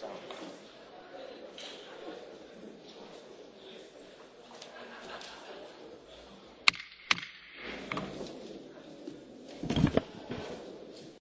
Ciao.